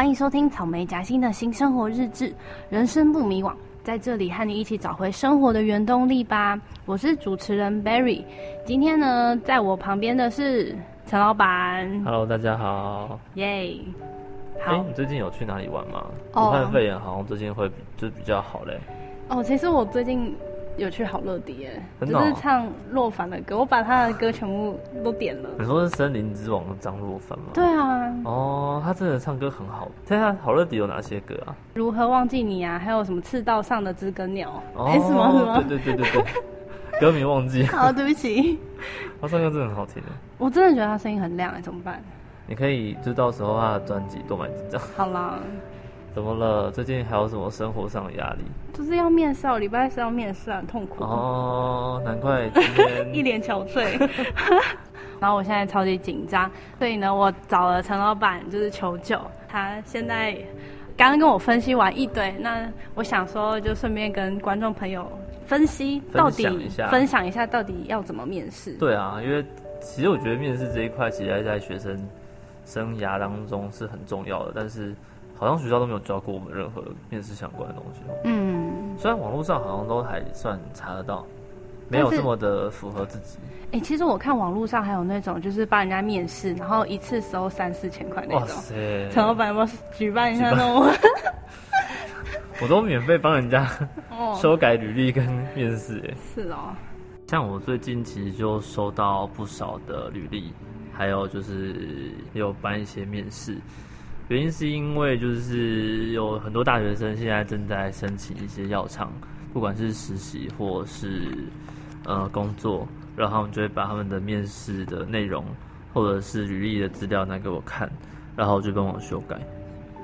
歡迎收聽草莓夾心的新生活日誌，人生不迷惘，在這裡和你一起找回生活的原動力吧。我是主持人 Berry，今天呢，在我旁邊的是陳老闆。Hello，大家好。耶、yeah！好、欸。你最近有去哪裡玩嗎？Oh. 我看肺炎好像最近會就比較好嘞。哦、oh,，其實我最近。有去好樂迪哎，只、就是唱洛凡的歌，我把他的歌全部都點了。你說是森林之王的張洛凡嗎？對啊，哦、oh,，他真的唱歌很好。那他好樂迪有哪些歌啊？如何忘記你啊？還有什麼赤道上的知更鳥？哎、oh,，什麼什麼？對對對，對，對，對 歌名忘記了。好，對不起。他唱歌真的很好聽，我真的覺得他聲音很亮哎，怎麼辦？你可以就到時候他的專輯多買幾張。好啦。怎麼了？最近還有什麼生活上的壓力？就是要面試，禮拜四要面試，啊，很痛苦。哦，難怪今天 一臉憔悴。 然後我現在超級緊張，所以呢，我找了陳老板就是求救。他現在剛剛跟我分析完一堆，那我想說，就順便跟觀眾朋友分析到底，分享一下到底要怎麼面試。對啊，因為其實我覺得面試這一塊，其實，在學生生涯當中是很重要的，但是。好像學校都沒有教過我們任何面試相關的東西。嗯，雖然網絡上好像都還算查得到，沒有這麼的符合自己。哎、欸，其實我看網絡上還有那種就是幫人家面試，然後一次收三四千塊那種。哇塞！陳老闆，要不舉辦一下辦那種？ 我都免費幫人家修、哦、 改履歷跟面試。是哦。像我最近其實就收到不少的履歷，還有就是也有辦一些面試。原因是因為就是有很多大學生現在正在申請一些藥廠，不管是實習或是呃工作，然後就會把他們的面試的內容或者是履歷的資料拿給我看，然後就幫我修改。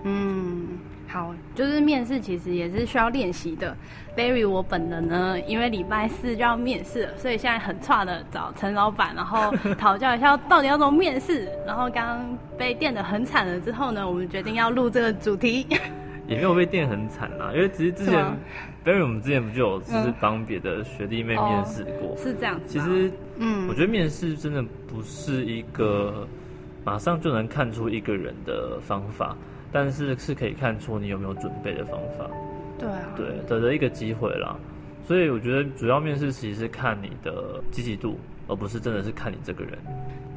嗯。好，就是面試其實也是需要練習的。Berry，我本人呢，因為禮拜四就要面試了，所以現在很差的找陳老闆，然後討教一下到底要怎麼面試。 然後剛剛被電的很慘了之後呢，我們決定要錄這個主題。 也沒有被電很慘啦，啊，因為其實之前 Berry 我們之前不就有就是幫別的學弟妹面試過。哦，是這樣子。其實，嗯，我覺得面試真的不是一個馬上就能看出一個人的方法。但是是可以看出你有沒有準備的方法，對啊，對，得了一個機會啦，所以我覺得主要面試其實是看你的積極度，而不是真的是看你這個人。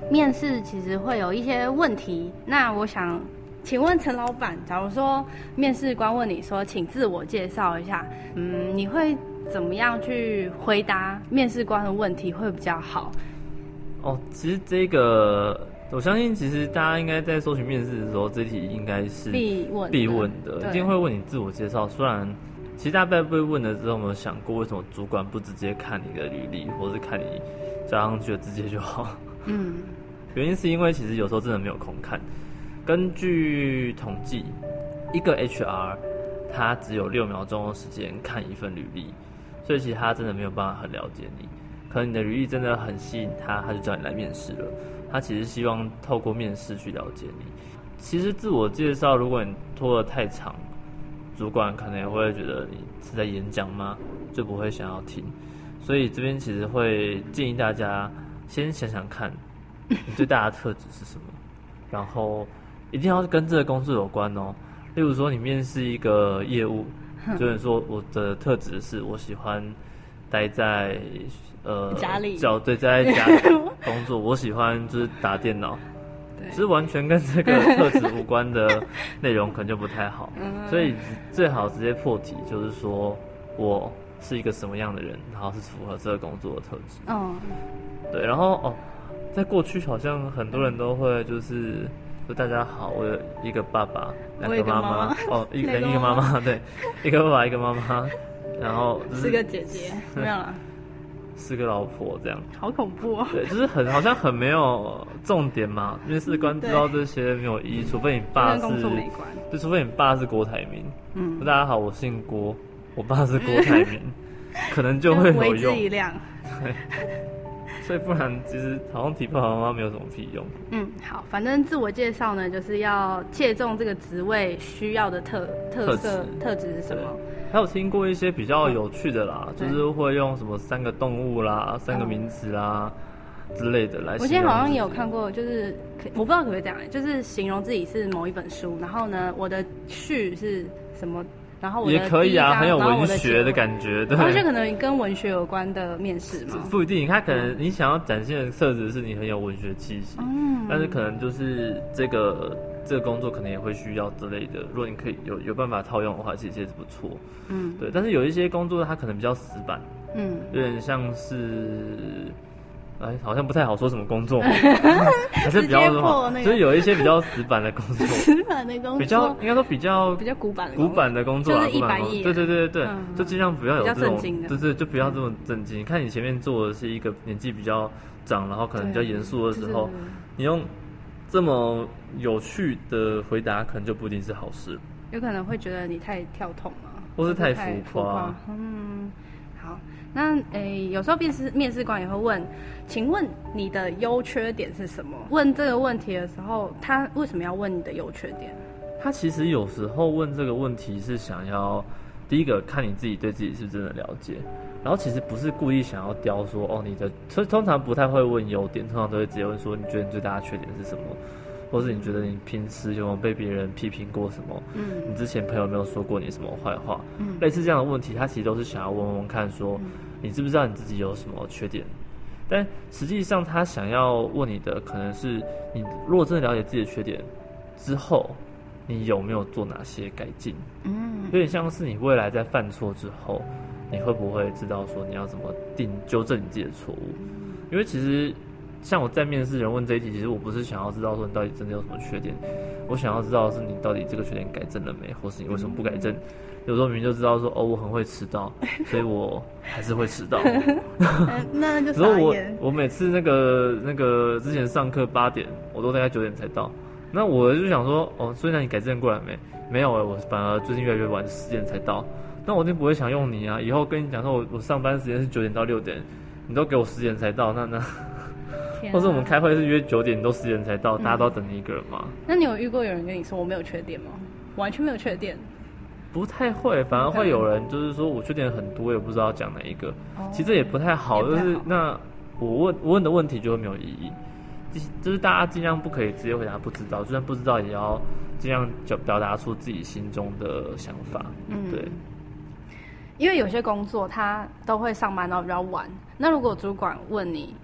面試其實會有一些問題，那我想請問陳老板，假如說面試官問你說，請自我介紹一下，嗯，你會怎麼樣去回答面試官的問題會比較好？哦，其實這個。我相信，其實大家應該在搜尋面試的時候，這題應該是必問的，必問的一定會問你自我介紹。雖然其實大家被問的時候，有沒有想過為什麼主管不直接看你的履歷，或是看你交上去的直接就好？嗯，原因是因為其實有時候真的沒有空看。根據統計，一個 HR 他只有六秒鐘的時間看一份履歷，所以其實他真的沒有辦法很了解你。可能你的履歷真的很吸引他，他就叫你來面試了。他其實希望透過面試去了解你。其實自我介紹，如果你拖得太長，主管可能也會覺得你是在演講嗎？就不會想要聽。所以這邊其實會建議大家先想想看，你最大的特質是什麼，然後一定要跟這個工作有關哦。例如說，你面試一個業務，就是說我的特質是我喜歡。待在呃，家裡，哦對，在家裡工作， 我喜歡就是打電腦，其實完全跟這個特質無關的內容，可能就不太好，嗯、所以最好直接破題，就是說我是一個什麼樣的人，然後是符合這個工作的特質。嗯、哦，對，然後哦，在過去好像很多人都會就是，嗯、就大家好，我有一個爸爸，兩個媽媽、哦，哦，一、那個媽媽一個媽媽，對， 一個爸爸，一個媽媽。然後四、就是、個姐姐，沒有了，四個老婆這樣，好恐怖哦！對，就是很好像很沒有重點嘛。面試官知道這些沒有意義，除非你爸是，就除非你爸是郭台銘。嗯，大家好，我姓郭，我爸是郭台銘， 可能就會有用。維資所以不然，其實好像體魄好像沒有什麼屁用。嗯，好，反正自我介紹呢，就是要借重這個職位需要的特特色、特質是什麼？還有聽過一些比較有趣的啦，哦，就是會用什麼三個動物啦、三個名詞啦、哦、之類的來。我今天好像也有看過，就是我不知道可不可以這樣，欸，就是形容自己是某一本書，然後呢，我的序是什麼？然後也可以啊，很有文學的感覺。對，而且可能跟文學有關的面試嘛。不一定，他可能你想要展現的特質是你很有文學氣息，嗯，但是可能就是這個這個工作可能也會需要之類的。如果你可以有有辦法套用的話，其實也是不錯，嗯，對。但是有一些工作它可能比較死板，嗯，有點像是。哎，好像不太好說什麼工作， 還是比較就是有一些比較死板的工作，死 板的工作，比較應該說比較比較古板，古板的工作，古板的工作、啊，億、就是、對對對對，嗯、就儘量不要有這種，嗯、對對就是就不要這麼正經、嗯。看你前面做的是一個年紀比較長，然後可能比較嚴肅的時候，對對對對你用這麼有趣的回答，可能就不一定是好事。有可能會覺得你太跳痛了，或是太，或是太浮誇。嗯，好。那誒，有時候面試面試官也會問，請問你的優缺點是什麼？問這個問題的時候，他為什麼要問你的優缺點？他其實有時候問這個問題是想要第一個看你自己對自己是不是真的了解，然後其實不是故意想要刁說哦你的，所以通常不太會問優點，通常都會直接問說你覺得你最大的缺點是什麼？或是你覺得你平時有沒有被別人批評過什麼？嗯，你之前朋友沒有說過你什麼壞話？嗯，類似這樣的問題，他其實都是想要問問問看說，說、嗯、你知不知道你自己有什麼缺點？但實際上，他想要問你的可能是，你如果真的了解自己的缺點之後，你有沒有做哪些改進？嗯，有點像是你未來在犯錯之後，你會不會知道說你要怎麼定糾正你自己的錯誤？嗯、因為其實。像我在面試人問這一題，其實我不是想要知道說你到底真的有什麼缺點，我想要知道的是你到底這個缺點改正了沒，或是你為什麼不改正？嗯、有時候明明就知道說哦，我很會遲到，所以我還是會遲到。 那就傻眼 我我每次那個那個之前上課八點，我都大概九點才到。那我就想說哦，所以那你改正過來沒，沒有、欸、我反而最近越來越晚，十點才到。那我一定不會想用你啊，以後跟你講說我我上班時間是九點到六點，你都給我十點才到，那那。啊、或是我們開會是約九點多，十點才到，嗯，大家都要等一個人嗎？那你有遇過有人跟你說我沒有缺點嗎？完全沒有缺點，不太會，反而會有人就是說我缺點很多，也不知道講哪一個。哦、其實也不，也不太好，就是那我問我問的問題就會沒有意義。就是大家盡量不可以直接回答不知道，就算不知道也要盡量表表達出自己心中的想法。嗯，對，因為有些工作他都會上班到比較晚，那如果主管問你。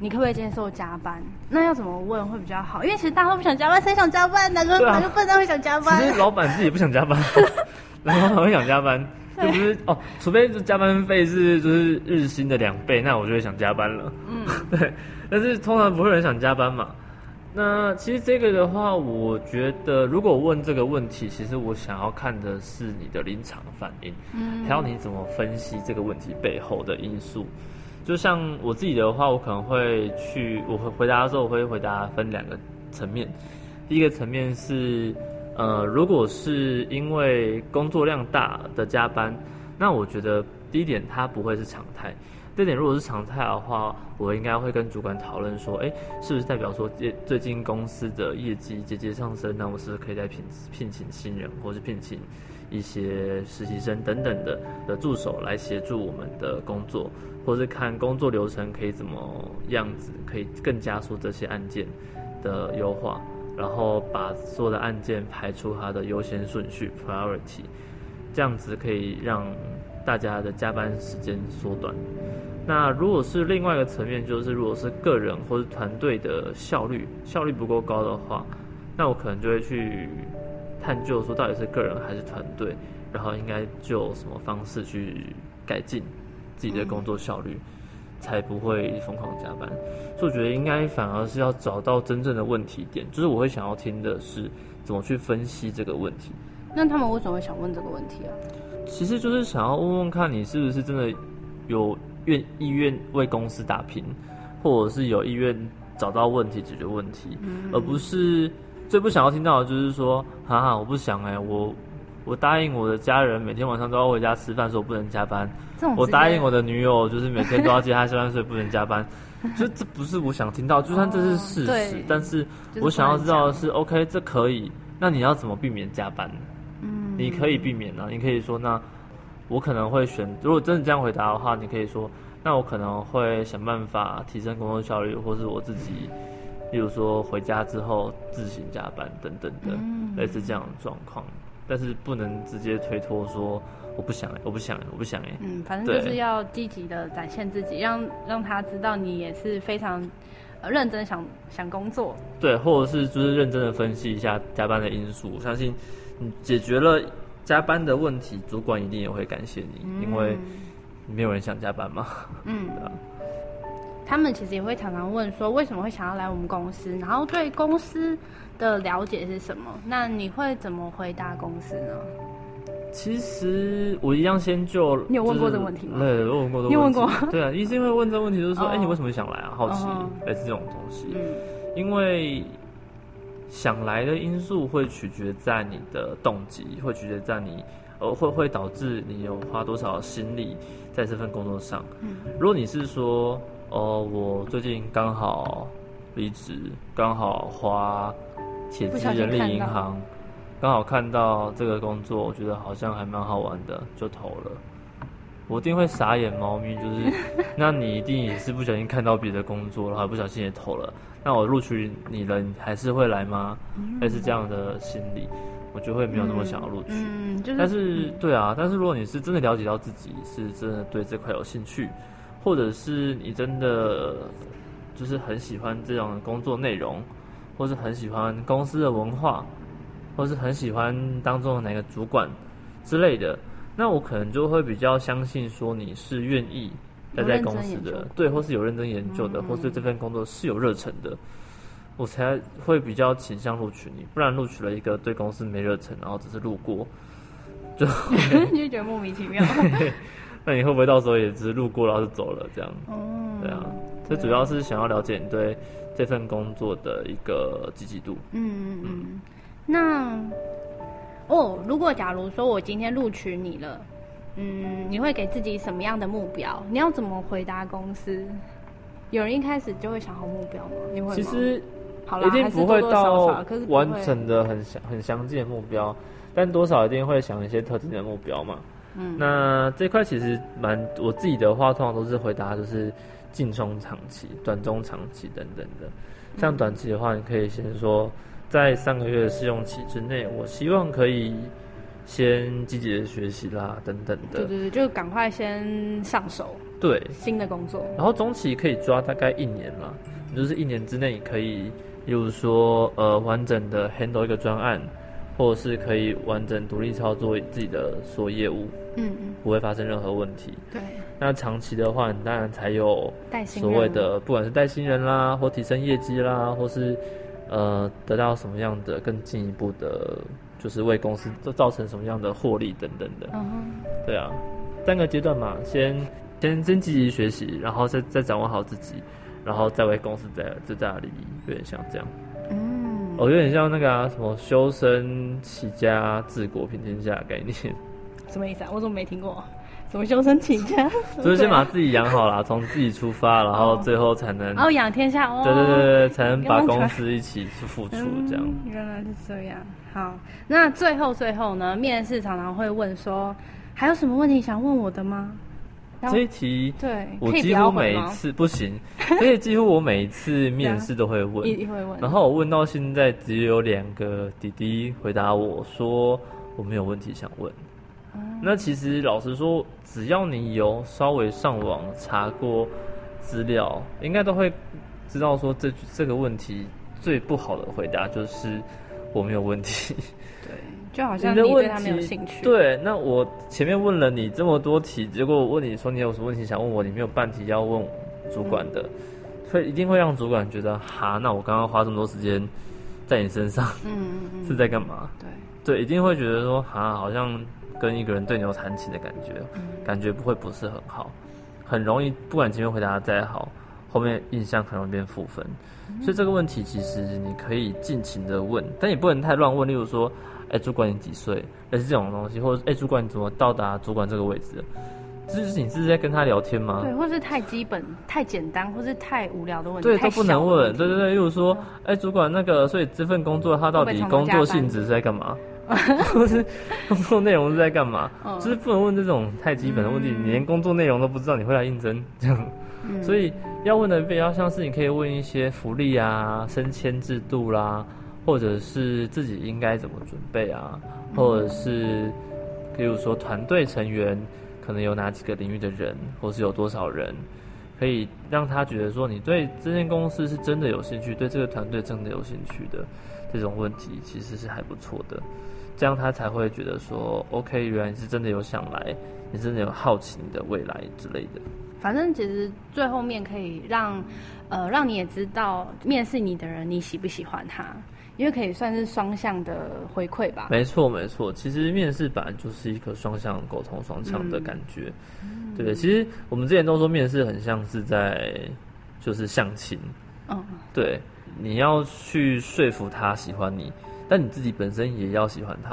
你可不可以接受加班？那要怎麼問會比較好？因為其實大家都不想加班，誰想加班？哪個哪個笨蛋會想加班？其實老闆自己不想加班， 然後還會想加班，對，就不是哦。除非就加班費是就是日薪的兩倍，那我就會想加班了。嗯，對。但是通常不會有人想加班嘛？那其實這個的話，我覺得如果問這個問題，其實我想要看的是你的臨場反應，還有你怎麼分析這個問題背後的因素。嗯就像我自己的話，我可能會去，我會回答的時候，我會回答分兩個層面。第一個層面是，呃，如果是因為工作量大的加班，那我覺得第一點它不會是常態。第二點，如果是常態的話，我應該會跟主管討論說，誒，是不是代表說最近公司的業績節節上升？那我是不是可以再聘聘請新人，或是聘請？一些實習生等等的的助手來協助我們的工作，或是看工作流程可以怎麼樣子，可以更加速這些案件的優化，然後把所有的案件排出它的優先順序 （priority），這樣子可以讓大家的加班時間縮短。那如果是另外一個層面，就是如果是個人或是團隊的效率效率不夠高的話，那我可能就會去。探究說到底是個人還是團隊，然後應該就什麼方式去改進自己的工作效率，嗯、才不會瘋狂加班。所以我覺得應該反而是要找到真正的問題點，就是我會想要聽的是怎麼去分析這個問題。那他們為什麼會想問這個問題啊？其實就是想要問問看你是不是真的有意願、意願為公司打拼，或者是有意願找到問題解決問題，嗯嗯，而不是。最不想要聽到的就是說，哈哈，我不想哎、欸，我我答應我的家人每天晚上都要回家吃飯，說不能加班。我答應我的女友，就是每天都要接她下班，所以不能加班。 就這不是我想聽到，就算這是事實、哦，但是我想要知道的是、就是、，OK，這可以，那你要怎麼避免加班呢？嗯，你可以避免呢、啊，你可以說，那我可能會選。如果真的這樣回答的話，你可以說，那我可能會想辦法提升工作效率，或是我自己。例如說回家之後自行加班等等的類似這樣的狀況，但是不能直接推脫說我不想、欸，我不想、欸，我不想哎、欸。嗯，反正就是要積極的展現自己，讓讓他知道你也是非常、呃、認真想想工作。對，或者是就是認真的分析一下加班的因素。我相信你解決了加班的問題，主管一定也會感謝你，因為沒有人想加班嘛。嗯。 對啊他們其實也會常常問說，為什麼會想要來我們公司？然後對公司的了解是什麼？那你會怎麼回答公司呢？其實我一樣先就、就是、你有問過這個問題嗎？對，我問過這個問題。你問過？對啊，一 直會問這個問題，就是說，哎、oh.，你為什麼想來啊？好奇、oh. 還是這種東西？嗯，因為想來的因素會取決在你的動機，會取決在你呃，會會導致你有花多少心力在這份工作上。嗯，如果你是說。哦，我最近剛好離職，剛好花，鐵資人力銀行，剛好看到這個工作，我覺得好像還蠻好玩的，就投了。我一定會傻眼貓咪，就是，那你一定也是不小心看到別的工作，然後不小心也投了。那我錄取你人還是會來嗎？嗯、還是這樣的心理，我就會沒有那麼想要錄取、嗯嗯就是。但是對啊，但是如果你是真的了解到自己是真的對這塊有興趣。或者是你真的就是很喜歡這種工作內容，或是很喜歡公司的文化，或是很喜歡當中的哪個主管之類的，那我可能就會比較相信說你是願意待在公司的，對，或是有認真研究的，或是對這份工作是有熱忱的，嗯，我才會比較傾向錄取你，不然錄取了一個對公司沒熱忱，然後只是路過，就 你就覺得莫名其妙。 那你會不會到時候也是路過，然後是走了這樣？哦、嗯，對啊，這主要是想要了解你對這份工作的一個積極度。嗯嗯嗯。那哦，如果假如說我今天錄取你了，嗯，你會給自己什麼樣的目標？你要怎麼回答公司？有人一開始就會想好目標嗎？你會？其實，好了，還是多多少少，可是完成的很相很相近的目標，但多少一定會想一些特定的目標嘛。嗯嗯，那這塊其實蠻我自己的話，通常都是回答就是近中長期、短中長期等等的。像短期的話，你可以先說在三個月試用期之內，我希望可以先積極的學習啦，等等的。對對對，就趕快先上手。對，新的工作。然後中期可以抓大概一年嘛，就是一年之內你可以，例如說呃完整的 handle 一個專案。或者是可以完整獨立操作自己的所有業務，嗯嗯，不會發生任何問題。對，那長期的話，你當然才有所謂的不管是帶新人啦新人，或提升業績啦，或是呃得到什麼樣的更進一步的，就是為公司造成什麼樣的獲利等等的。嗯哼，對啊，三個階段嘛，先先真積極學習，然後再再掌握好自己，然後再為公司再再大利益，有點像這樣。我、哦、有點像那個啊，什麼修身齊家治國平天下的概念，什麼意思啊？我怎麼沒聽過？什麼修身齊家？就是先把自己養好了，從 自己出發，然後最後才能哦，養、哦、天下哦，對對對對，才能把公司一起去付出，這樣、嗯、原來是這樣。好，那最後最後呢？面試常常會問說，還有什麼問題想問我的嗎？這一題，我幾乎每一次不，不行，而且幾乎我每一次面試都會問、， 對啊、一定會問，然後我問到現在只有兩個弟弟回答我說我沒有問題想問、嗯。那其實老實說，只要你有稍微上網查過資料，應該都會知道說這這個問題最不好的回答就是我沒有問題。就好像你對他沒有興趣、興趣。對，那我前面問了你這麼多題，結果我問你說，你有什麼問題想問我，你沒有半題要問主管的，嗯、所以一定會讓主管覺得哈，那我剛剛花這麼多時間在你身上，嗯、嗯、嗯 是在幹嘛？對對，一定會覺得說哈，好像跟一個人對牛彈琴的感覺，感覺不會不是很好，很容易不管前面回答的再好，後面印象可能變負分，嗯嗯。所以這個問題其實你可以盡情的問，但也不能太亂問，例如說。哎，主管你幾歲？還是這種東西，或者哎，主管你怎麼到達主管這個位置？就是你是，是在跟他聊天嗎？對，或是太基本、太簡單，或是太無聊的問題，問題對，都不能問。對對對，例如說，哎、嗯，主管那個，所以這份工作他到底工作性質是在幹嘛？或是 工作內容是在幹嘛？ 就是不能問這種太基本的問題，你、嗯、連工作內容都不知道，你會來應徵這樣、嗯？所以要問的比較像是你可以問一些福利啊、升遷制度啦。或者是自己應該怎麼準備啊，或者是，比如說團隊成員可能有哪幾個領域的人，或是有多少人，可以讓他覺得說你對這間公司是真的有興趣，對這個團隊真的有興趣的這種問題，其實是還不錯的。這樣他才會覺得說，OK，原來你是真的有想來，你真的有好奇你的未來之類的。反正其實最後面可以讓呃讓你也知道面試你的人，你喜不喜歡他。因為可以算是雙向的回饋吧。沒錯，沒錯，其實面試本來就是一個雙向溝通、雙向的感覺，嗯、對，其實我們之前都說面試很像是在就是相親，嗯，對，你要去說服他喜歡你，但你自己本身也要喜歡他，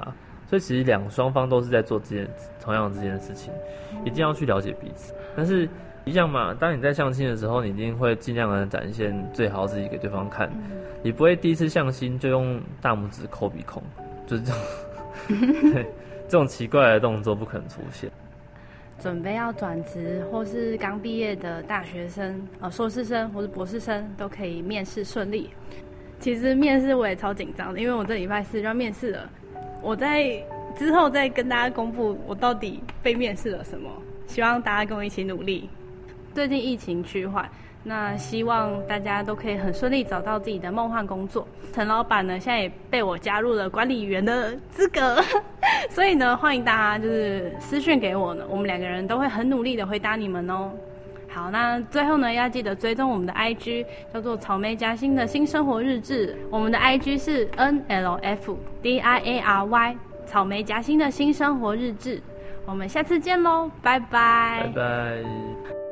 所以其實兩雙方都是在做這件同樣的這件事情、嗯，一定要去了解彼此，但是。一樣嘛，當你在相親的時候，你一定會盡量的展現最好自己給對方看。嗯、你不會第一次相親就用大拇指摳鼻孔，就這種 對這種奇怪的動作不可能出現。準備要轉職或是剛畢業的大學生啊、呃，碩士生或是博士生都可以面試順利。其實面試我也超緊張的，因為我這禮拜四就要面試了。我在之後再跟大家公布我到底被面試了什麼，希望大家跟我一起努力。最近疫情趨緩，那希望大家都可以很順利找到自己的夢幻工作。陳老闆呢，現在也被我加入了管理員的資格， 所以呢，歡迎大家就是私訊給我呢，我們兩個人都會很努力的回答你們哦。好，那最後呢，要記得追蹤我們的 IG，叫做草莓夾心的新生活日誌，我們的 IG 是 N L F D I A R Y，草莓夾心的新生活日誌。我們下次見嘍，拜拜，拜拜。